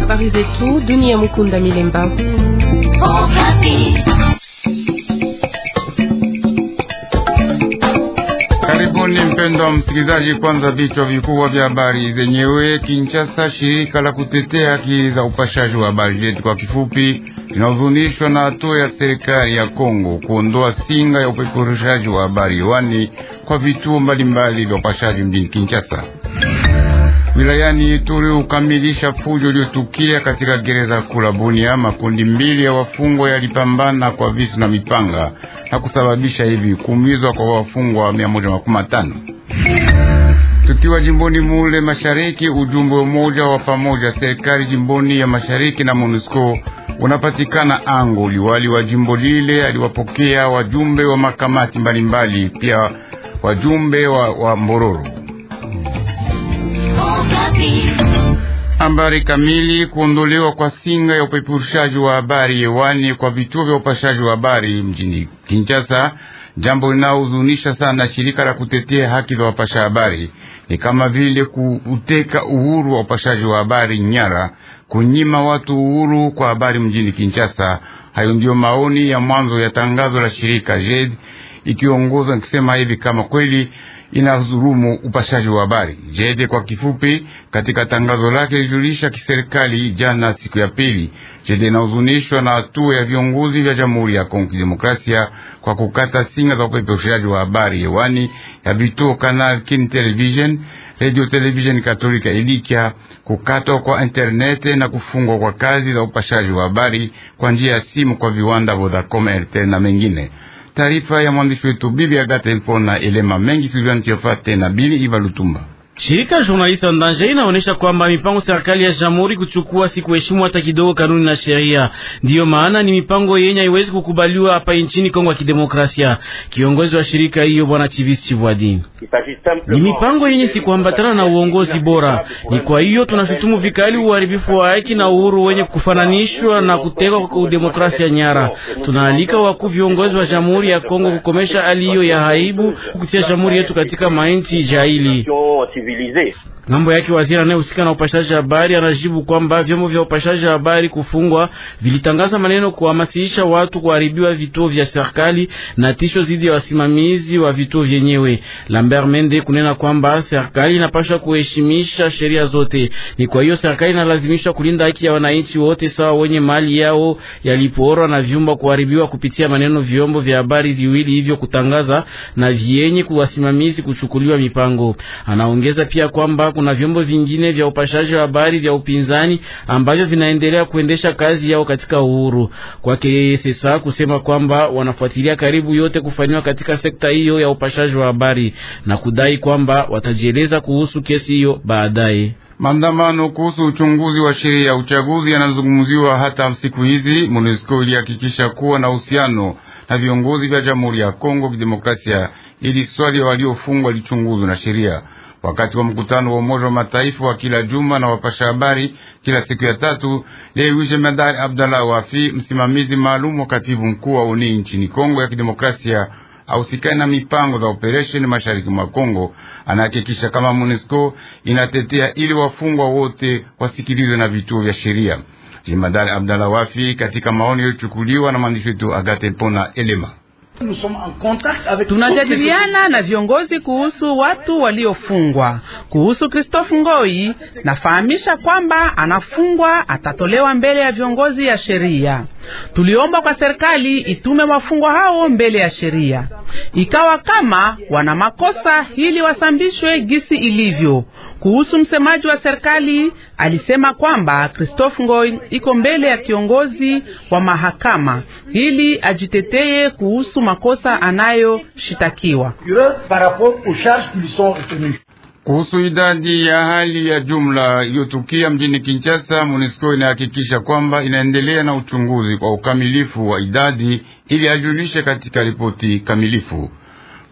Habari zetu dunia Mukunda Milemba. Karibuni msikilizaji, kwanza vichwa vikubwa vya habari zenyewe. Kinshasa, shirika la kutetea haki za upashaji wa habari zetu kwa kifupi linahuzunishwa na hatua ya serikali ya Kongo kuondoa singa ya upeperushaji wa habari hewani kwa vituo mbalimbali vya upashaji mjini Kinshasa wilayani Ituri ukamilisha fujo iliyotukia katika gereza kuu la Bunia. Makundi mbili ya wafungwa yalipambana kwa visu na mipanga na kusababisha hivi kuumizwa kwa wafungwa 115. Tukiwa jimboni mule mashariki, ujumbe umoja wa pamoja serikali jimboni ya mashariki na MONUSCO unapatikana ango. Liwali wa jimbo lile aliwapokea wajumbe wa makamati mbalimbali mbali, pia wajumbe wa, wa Mbororo Habari kamili. Kuondolewa kwa singa ya upepurushaji wa habari hewani kwa vituo vya upashaji wa habari mjini Kinshasa, jambo linaohuzunisha sana shirika la kutetea haki za wapasha habari. Ni kama vile kuuteka uhuru wa upashaji wa habari nyara, kunyima watu uhuru kwa habari mjini Kinshasa. Hayo ndiyo maoni ya mwanzo ya tangazo la shirika JED ikiongozwa nikisema hivi kama kweli inadhulumu upashaji wa habari. Jede kwa kifupi, katika tangazo lake lijulisha kiserikali jana siku ya pili, Jede inahuzunishwa na hatua ya viongozi vya Jamhuri ya Kongo Kidemokrasia kwa kukata singa za upepeshaji wa habari hewani ya vituo Canal Kin Television, Radio Television Katolika Ilikya, kukatwa kwa internete na kufungwa kwa kazi za upashaji wa habari kwa njia ya simu kwa viwanda Vodacom, Airtel na mengine. Taarifa ya mwandishi wetu Bibi Agate Mpona Elema Mengi Suzanne Tiofate na Bili Iva Lutumba. Shirika Jurnaliste en Danger inaonyesha kwamba mipango serikali ya jamhuri kuchukua sikuheshimu hata kidogo kanuni na sheria. Ndiyo maana ni mipango yenye haiwezi kukubaliwa hapa nchini Kongo ya Kidemokrasia. Kiongozi wa shirika hiyo Bwana Chivis Chivwadi, ni mipango yenye sikuambatana na uongozi bora. Ni kwa hiyo tunashutumu vikali uharibifu wa haki na uhuru wenye kufananishwa na kutekwa kwa demokrasia nyara. Tunaalika wakuu viongozi wa jamhuri ya Kongo kukomesha hali hiyo ya haibu kukutia jamhuri yetu katika mainchi jahili mobilize. Ngambo yake waziri anayehusika na upashaji habari anajibu kwamba vyombo vya upashaji habari kufungwa vilitangaza maneno kuhamasisha watu kuharibiwa vituo vya serikali na tisho dhidi ya wasimamizi wa vituo vyenyewe. Lambert Mende kunena kwamba serikali inapasha kuheshimisha sheria zote, ni kwa hiyo serikali inalazimishwa kulinda haki ya wananchi wote sawa, wenye mali yao yalipoorwa na vyumba kuharibiwa kupitia maneno vyombo vya habari viwili hivyo kutangaza na vyenye kuwasimamizi kuchukuliwa mipango. Anaongeza Alieleza pia kwamba kuna vyombo vingine vya upashaji wa habari vya upinzani ambavyo vinaendelea kuendesha kazi yao katika uhuru. Kwake yeye sasa kusema kwamba wanafuatilia karibu yote kufanywa katika sekta hiyo ya upashaji wa habari na kudai kwamba watajieleza kuhusu kesi hiyo baadaye. Maandamano kuhusu uchunguzi wa sheria ya uchaguzi yanazungumziwa hata siku hizi. MONUSCO ilihakikisha kuwa na uhusiano na viongozi vya Jamhuri ya Kongo Kidemokrasia ili swali waliofungwa lichunguzwe na sheria wakati wa mkutano wa Umoja wa Mataifa wa kila juma na wapasha habari kila siku ya tatu. Lewishe Madari Abdallah Wafi, msimamizi maalum wa katibu mkuu wa UNI nchini Kongo ya Kidemokrasia ausikani na mipango za operesheni mashariki mwa Kongo anahakikisha kama MONUSCO inatetea ili wafungwa wote wasikilizwe na vituo vya sheria. Jemadari Abdallah Wafi katika maoni yaliyochukuliwa na mwandishi wetu Agate Pona Elema. Tunajadiliana na viongozi kuhusu watu waliofungwa. Kuhusu Christophe Ngoi, nafahamisha kwamba anafungwa, atatolewa mbele ya viongozi ya sheria. Tuliomba kwa serikali itume wafungwa hao mbele ya sheria, ikawa kama wana makosa ili wasambishwe gisi ilivyo. Kuhusu msemaji wa serikali alisema kwamba Christophe Ngoy iko mbele ya kiongozi wa mahakama ili ajiteteye kuhusu makosa anayoshitakiwa. Kuhusu idadi ya hali ya jumla iliyotukia mjini Kinshasa, MONUSCO inahakikisha kwamba inaendelea na uchunguzi kwa ukamilifu wa idadi ili ajulishe katika ripoti kamilifu.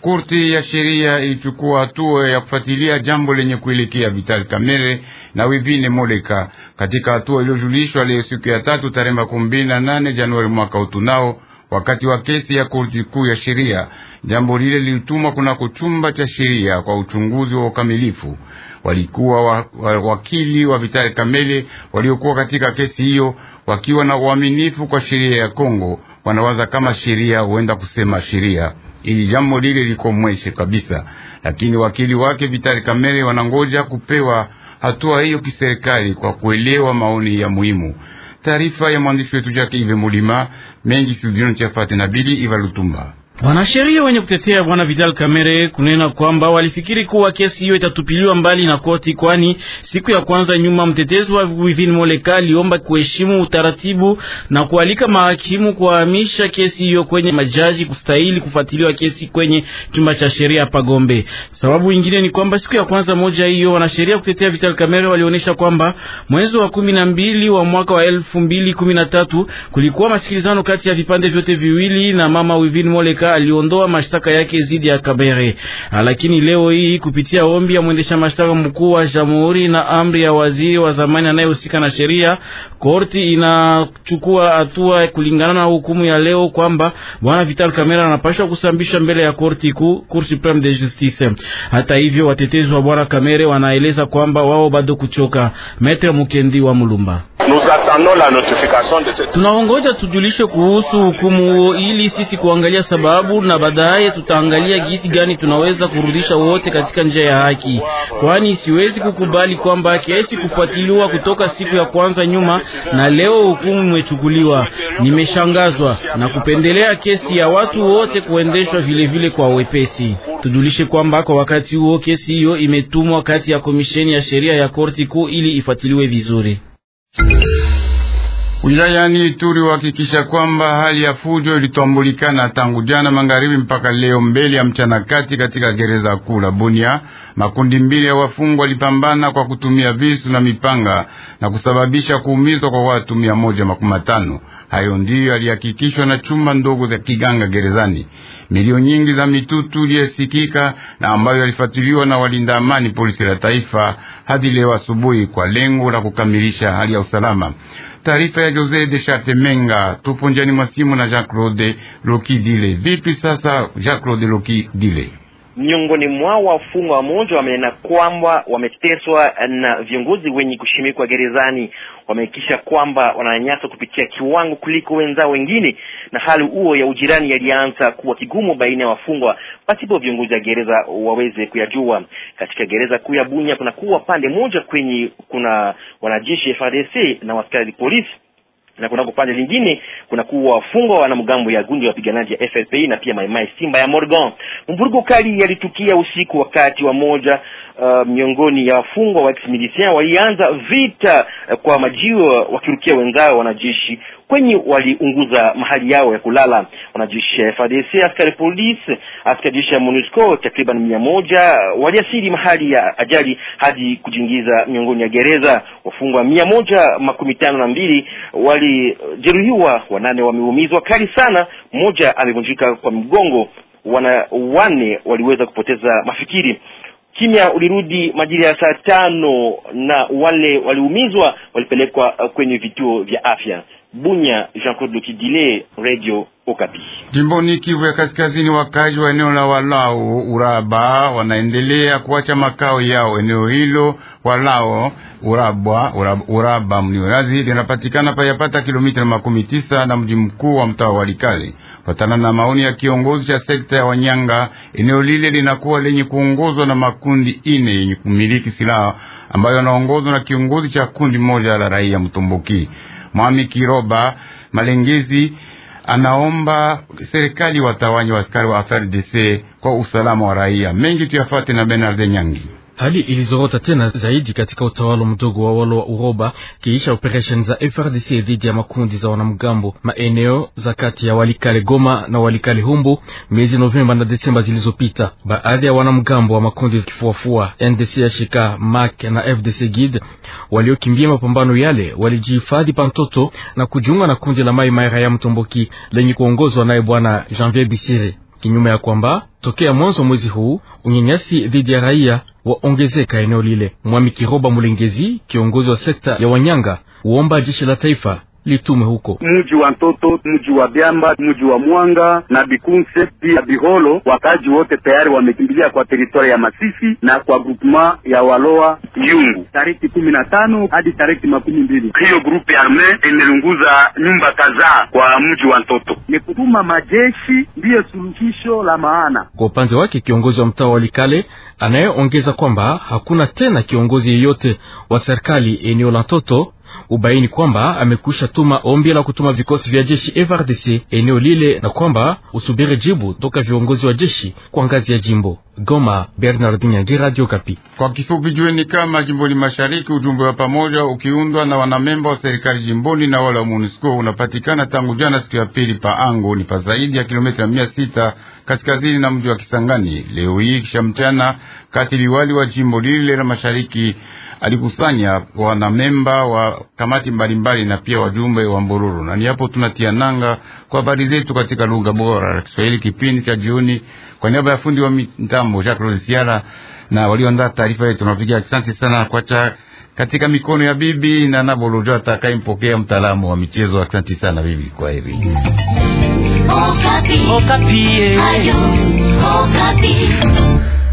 Kurti ya sheria ilichukua hatua ya kufuatilia jambo lenye kuelekea Vital Kamerhe na Wivine Moleka katika hatua iliyojulishwa leo siku ya tatu tarehe makumi mbili na nane Januari mwaka utunao wakati wa kesi ya korti kuu ya sheria. Jambo lile lilitumwa kunako chumba cha sheria kwa uchunguzi wa ukamilifu. Walikuwa wa, wa, wakili wa Vitali Kamele waliokuwa katika kesi hiyo wakiwa na uaminifu kwa sheria ya Kongo, wanawaza kama sheria huenda kusema sheria ili jambo lile liko mweshe kabisa, lakini wakili wake Vitali kamele wanangoja kupewa hatua hiyo kiserikali kwa kuelewa maoni ya muhimu. Taarifa ya mwandishi wetu jake Ive Mulima mengi studioni cha na Bili Iva Lutumba. Wanasheria wenye kutetea bwana Vidal Kamere kunena kwamba walifikiri kuwa kesi hiyo itatupiliwa mbali na koti, kwani siku ya kwanza nyuma mtetezi wa Wivin Moleka aliomba kuheshimu utaratibu na kualika mahakimu kuhamisha kesi hiyo kwenye majaji kustahili kufuatiliwa kesi kwenye chumba cha sheria hapa Gombe. Sababu nyingine ni kwamba siku ya kwanza moja hiyo wanasheria kutetea Vidal Kamere walionyesha kwamba mwezi wa kumi na mbili wa mwaka wa elfu mbili kumi na tatu kulikuwa masikilizano kati ya vipande vyote viwili na mama Wivin Moleka Kabinda aliondoa mashtaka yake dhidi ya Kabere, ah, lakini leo hii kupitia ombi ya mwendesha mashtaka mkuu wa jamhuri na amri ya waziri wa zamani anayehusika na sheria, korti inachukua hatua kulingana na hukumu ya leo kwamba bwana Vital Kamera anapashwa kusambishwa mbele ya korti kuu, Cour Supreme de Justice. Hata hivyo, watetezi wa bwana Kamere wanaeleza kwamba wao bado kuchoka. Metre Mukendi wa Mulumba tunaongoja tujulishe kuhusu hukumu ili sisi kuangalia sababu sababu, na baadaye tutaangalia gisi gani tunaweza kurudisha wote katika njia ya haki, kwani siwezi kukubali kwamba kesi kufuatiliwa kutoka siku ya kwanza nyuma na leo hukumu imechukuliwa. Nimeshangazwa na kupendelea kesi ya watu wote kuendeshwa vilevile kwa wepesi. Tujulishe kwamba kwa wakati huo kesi hiyo imetumwa kati ya komisheni ya sheria ya korti kuu ili ifuatiliwe vizuri wilayani Ituri uhakikisha kwamba hali ya fujo ilitambulikana tangu jana magharibi mpaka leo mbele ya mchana kati katika gereza kuu la Bunia. Makundi mbili ya wafungwa walipambana kwa kutumia visu na mipanga na kusababisha kuumizwa kwa watu mia moja makumi matano. Hayo ndiyo yalihakikishwa na chumba ndogo za kiganga gerezani. Milio nyingi za mitutu iliyesikika na ambayo yalifuatiliwa na walinda amani polisi la taifa hadi leo asubuhi kwa lengo la kukamilisha hali ya usalama. Taarifa ya Jose de Chartemenga. Tupo njiani mwa simu na Jean Claude loki dile Vipi sasa, Jean Claude dile Miongoni mwao wafungwa moja wamenena kwamba wameteswa na viongozi wenye kushimikwa gerezani. Wamehakikisha kwamba wananyanyaswa kupitia kiwango kuliko wenzao wengine, na hali huo ya ujirani yalianza kuwa kigumu baina ya wafungwa pasipo viongozi wa gereza waweze kuyajua katika gereza kuu ya bunya Kuna kuwa pande moja kwenye kuna wanajeshi frdc na askari polisi na kunako pande lingine kuna kuwa wafungwa wanamgambo ya gundi ya wapiganaji ya FLPI na pia maimai Simba ya Morgan. Mvurugo kali yalitukia usiku wakati wa moja uh, miongoni ya wafungwa wa ex-militaire walianza vita uh, kwa majiwa wakirukia wenzao wanajeshi kwenye waliunguza mahali yao ya kulala. Wanajeshi ya FARDC, askari polisi, askari jeshi ya MONUSCO takriban mia moja uh, waliasiri mahali ya ajali hadi kujiingiza miongoni ya gereza. Wafungwa mia moja makumi tano na mbili wali walijeruhiwa, wanane wameumizwa kali sana, mmoja amevunjika kwa mgongo, wana wane waliweza kupoteza mafikiri. Kimya ulirudi majira ya saa tano na wale waliumizwa walipelekwa uh, kwenye vituo vya afya. Bunya, Jean-Claude Lokidile, Radio Okapi. Jimboni Kivu ya Kaskazini, wakaji wa eneo la Walao Uraba wanaendelea kuacha makao yao. Eneo hilo Walao Uraba, Uraba, Uraba linapatikana payapata kilomita makumi tisa na mji mkuu wa mtaa wa Likale. Patana na maoni ya kiongozi cha sekta ya Wanyanga, eneo lile linakuwa lenye kuongozwa na makundi ine yenye kumiliki silaha ambayo yanaongozwa na kiongozi cha kundi moja la raia mtumbuki Mwami Kiroba Malengezi anaomba serikali watawanye wa askari wa FARDC kwa usalama wa raia. Mengi tuyafate na Bernard Nyangi. Hali ilizorota tena zaidi katika utawala mdogo wa walo wa Uroba kiisha operesheni za FRDC dhidi ya makundi za wanamgambo maeneo za kati ya Walikale Goma na Walikale Humbu miezi Novemba na Desemba zilizopita. Baadhi ya wanamgambo wa makundi kifuafua NDC ya shika MAC na FDC GID waliokimbia mapambano yale walijihifadhi Pantoto na kujiunga na kundi la Mai Maira ya Mtomboki lenye kuongozwa naye Bwana Janvier Bisiri, kinyume ya kwamba tokea mwanzo mwezi huu unyenyasi dhidi ya raia waongezeka eneo lile. Mwami Kiroba Mulengezi, kiongozi wa sekta ya Wanyanga, huomba jeshi la taifa litume huko mji wa Ntoto, mji wa Byamba, mji wa Mwanga na Bikunse pia Biholo. Wakaji wote tayari wamekimbilia kwa teritoria ya Masisi na kwa groupement ya Waloa Yungu. Tariki kumi na tano hadi tariki makumi mbili hiyo grupe arme imelunguza nyumba kadhaa kwa mji wa Ntoto. Ni kutuma majeshi ndiyo suluhisho la maana. Kwa upande wake kiongozi wa mtaa wa Likale anayeongeza kwamba hakuna tena kiongozi yeyote wa serikali eneo la Ntoto ubaini kwamba amekwisha tuma ombi la kutuma vikosi vya jeshi FRDC eneo lile na kwamba usubiri jibu toka viongozi wa jeshi kwa ngazi ya jimbo. Goma, Bernard Nyangi, Radio Kapi. Kwa kifupi, jueni kama jimboni mashariki ujumbe wa pamoja ukiundwa na wanamemba wa serikali jimboni na wala MONUSCO unapatikana tangu jana siku ya pili pa ango ni pa zaidi ya kilomita mia sita kaskazini na mji wa Kisangani. Leo hii kisha mchana kati liwali wa jimbo lile la mashariki alikusanya wanamemba wa kamati mbalimbali na pia wajumbe wa Mbururu. Na ni hapo tunatia nanga kwa habari zetu katika lugha bora ya Kiswahili kipindi cha jioni. Kwa niaba ya fundi wa mitambo Jacques Siara na walioandaa taarifa yetu, tunapiga asante sana kwacha katika mikono ya bibi na Nabolojo atakayempokea mtaalamu wa michezo. Asante sana bibi, kwa heri. Okapi. Okapi. Eh.